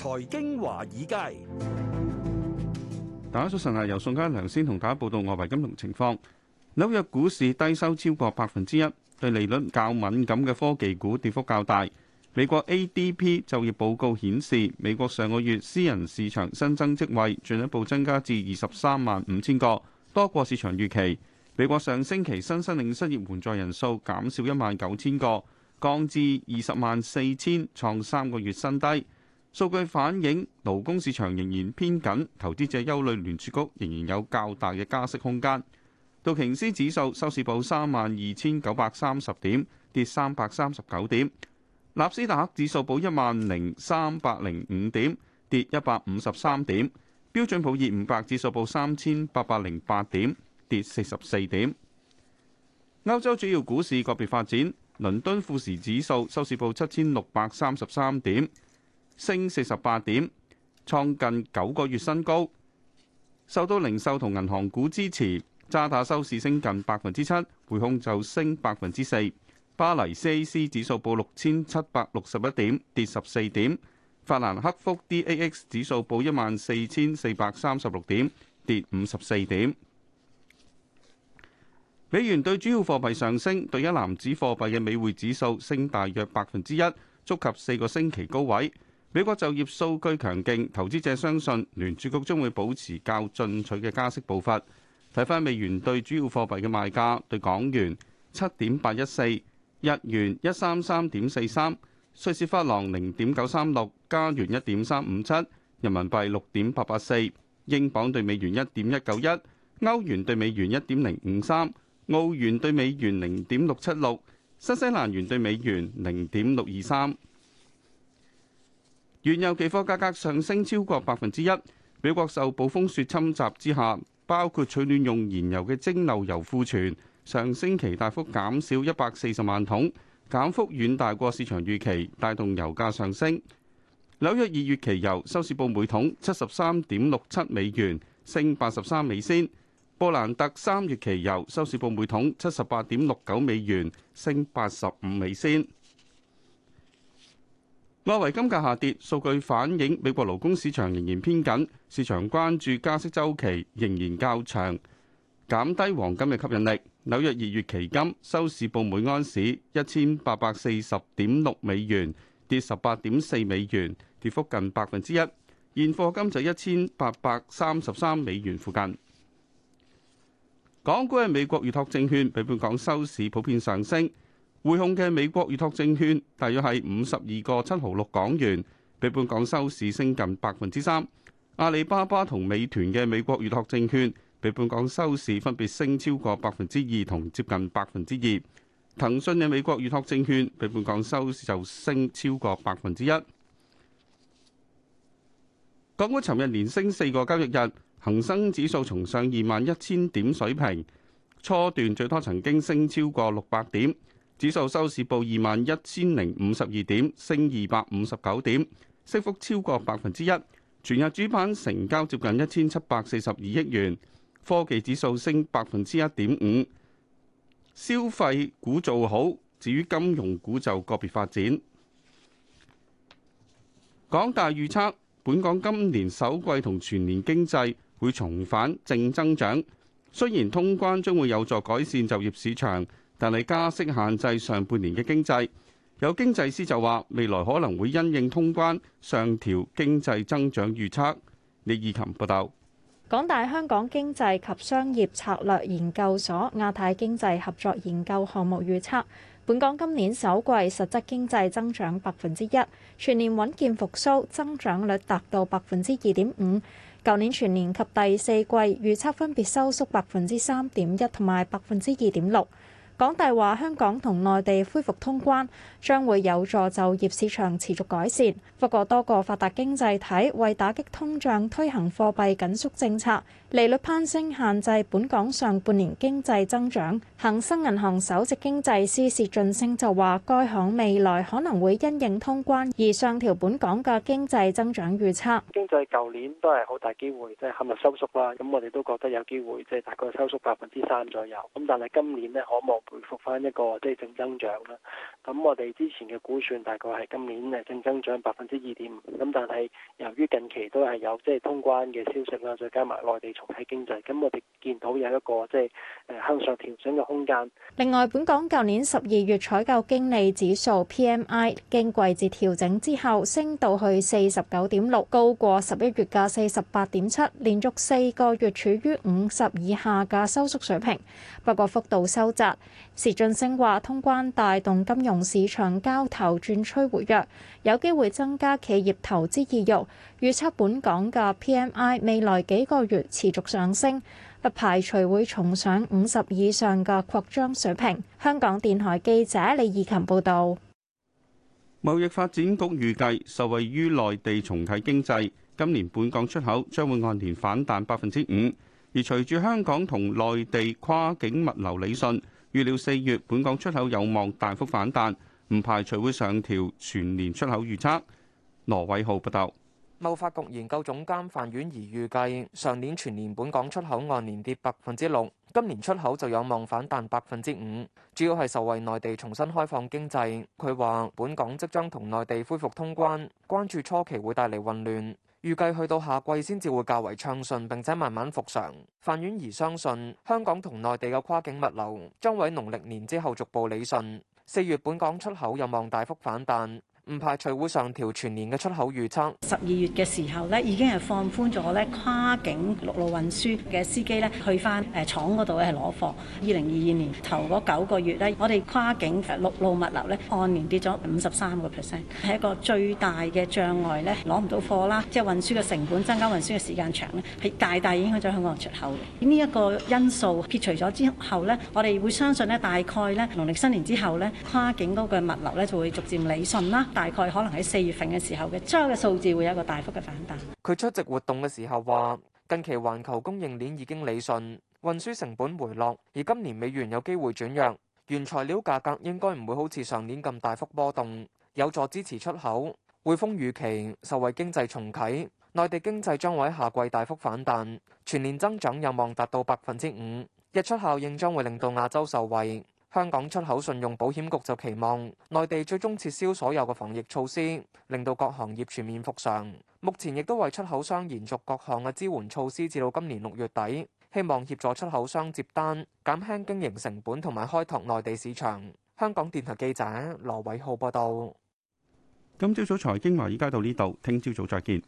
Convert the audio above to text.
財經華爾街，大家早晨啊！由宋嘉良先同大家報道外圍金融情況。紐約股市低收超過百分之一，對利率較敏感嘅科技股跌幅較大。美國 ADP 就業報告顯示，美國上個月私人市場新增職位進一步增加至二十三萬五千個，多過市場預期。美國上星期新申領失業援助人數減少一萬九千個，降至二十萬四千，創三個月新低。數據反映勞工市場仍然偏緊，投資者憂慮聯儲局仍然有較大嘅加息空間。道瓊斯指數收市報三萬二千九百三十點，跌三百三十九點；納斯達克指數報一萬零三百零五點，跌一百五十三點；標準普爾五百指數報三千八百零八點，跌四十四點。歐洲主要股市個別發展，倫敦富時指數收市報七千六百三十三點。升四十八點，創近九個月新高。受到零售同銀行股支持，渣打收市升近百分之七，匯控就升百分之四。巴黎 CAC 指數報六千七百六十一點，跌十四點。法蘭克福 DAX 指數報一萬四千四百三十六點，跌五十四點。美元對主要貨幣上升，對一籃子貨幣嘅美匯指數升大約百分之一，觸及四個星期高位。美國就業數據強勁，投資者相信聯儲局將會保持較進取嘅加息步伐。睇返美元對主要貨幣嘅賣價，對港元七點八一四，日元一三三點四三，瑞士法郎零點九三六，加元一點三五七，人民幣六點八八四，英鎊對美元一點一九一，歐元對美元一點零五三，澳元對美元零點六七六，新西蘭元對美元零點六二三。原油期貨價格上升超過百分之一，美國受暴風雪侵襲之下，包括取暖用燃油嘅蒸餾油庫存上星期大幅減少一百四十萬桶，減幅遠大過市場預期，帶動油價上升。紐約二月期油收市報每桶七十三點六七美元，升八十三美仙；布蘭特三月期油收市報每桶七十八點六九美元，升八十五美仙。外圍金價下跌，數據反映美國勞工市場仍然偏緊，市場關注加息周期仍然較長，減低黃金嘅吸引力。紐約二月期金收市報每安士一千八百四十點六美元，跌十八點四美元，跌幅近百分之一。現貨金就一千八百三十三美元附近。港股嘅美國預託證券，比本港收市普遍上升。滙控嘅美國預託證券大約係五十二個七毫六港元，比本港收市升近百分之三。阿里巴巴同美團嘅美國預託證券比本港收市分別升超過百分之二同接近百分之二。騰訊嘅美國預託證券比本港收市就升超過百分之一。港股尋日連升四個交易日，恒生指數重上二萬一千點水平，初段最多曾經升超過六百點。指數收市報二萬一千零五十二點，升二百五十九點，升幅超過百分之一。全日主板成交接近一千七百四十二億元，科技指數升百分之一點五，消費股做好，至於金融股就個別發展。港大預測，本港今年首季同全年經濟會重返正增長，雖然通關將會有助改善就業市場。但係加息限制上半年嘅經濟，有經濟師就話未來可能會因應通關上調經濟增長預測，李以琴報道。港大香港經濟及商業策略研究所亞太經濟合作研究項目預測，本港今年首季實質經濟增長百分之一，全年穩健復蘇，增長率達到百分之二點五。舊年全年及第四季預測分別收縮百分之三點一，同埋百分之二點六。港大話：香港同內地恢復通關，將會有助就業市場持續改善。不過，多個發達經濟體為打擊通脹，推行貨幣緊縮政策，利率攀升限制本港上半年經濟增長。恒生銀行首席經濟師薛俊升就話，該行未來可能會因應通關而上調本港嘅經濟增長預測。經濟舊年都係好大機會，即係陷入收縮啦。咁我哋都覺得有機會，即係大概收縮百分之三左右。咁但係今年呢，可望，回復翻一個即係正增長啦。咁我哋之前嘅估算大概係今年正增長百分之二點五。咁但係由於近期都係有即係通關嘅消息啦，再加埋內地重啟經濟，咁我哋見到有一個即係向上調整嘅空間。另外，本港舊年十二月採購經理指數 P.M.I. 經季節調整之後升到去四十九點六，高過十一月嘅四十八點七，連續四個月處於五十以下嘅收縮水平。不過幅度收窄。時俊聲話：通關帶動金融市場交投轉趨活躍，有機會增加企業投資意欲。預測本港嘅 P M I 未來幾個月持續上升，不排除會重上五十以上嘅擴張水平。香港電台記者李怡琴報導，貿易發展局預計受惠於內地重啟經濟，今年本港出口將會按年反彈百分之五，而隨住香港同內地跨境物流理順。預料四月，月本港出口有望大幅反彈，唔排除會上調全年出口預測。羅偉浩報道，貿發局研究總監范婉儀預計上年全年本港出口按年跌百分之六，今年出口就有望反彈百分之五，主要係受惠內地重新開放經濟。佢話：本港即將同內地恢復通關，關注初期會帶嚟混亂。預計去到夏季先至會較為暢順，並且慢慢復常。范婉兒相信香港同內地嘅跨境物流將會農曆年之後逐步理順，四月本港出口有望大幅反彈。唔排除會上調全年嘅出口預測。十二月嘅時候咧，已經係放寬咗咧跨境陸路運輸嘅司機咧去返誒廠嗰度係攞貨。二零二二年頭嗰九個月咧，我哋跨境陸路物流咧按年跌咗五十三個 percent，係一個最大嘅障礙咧攞唔到貨啦，即係運輸嘅成本增加、運輸嘅時間長咧，係大大影響咗香港出口。呢一個因素撇除咗之後咧，我哋會相信咧大概咧農曆新年之後咧跨境嗰個物流咧就會逐漸理順啦。大概可能喺四月份嘅時候嘅，將嘅數字會有一個大幅嘅反彈。佢出席活動嘅時候話，近期環球供應鏈已經理順，運輸成本回落，而今年美元有機會轉弱，原材料價格應該唔會好似上年咁大幅波動，有助支持出口。匯豐預期受惠經濟重啟，內地經濟將會喺下季大幅反彈，全年增長有望達到百分之五。日出效應將會令到亞洲受惠。香港出口信用保險局就期望內地最終撤銷所有嘅防疫措施，令到各行業全面復常。目前亦都為出口商延續各項嘅支援措施，至到今年六月底，希望協助出口商接單減輕經營成本同埋開拓內地市場，香港電台記者羅偉浩報道。今朝早財經華爾街到呢度，聽朝早再見。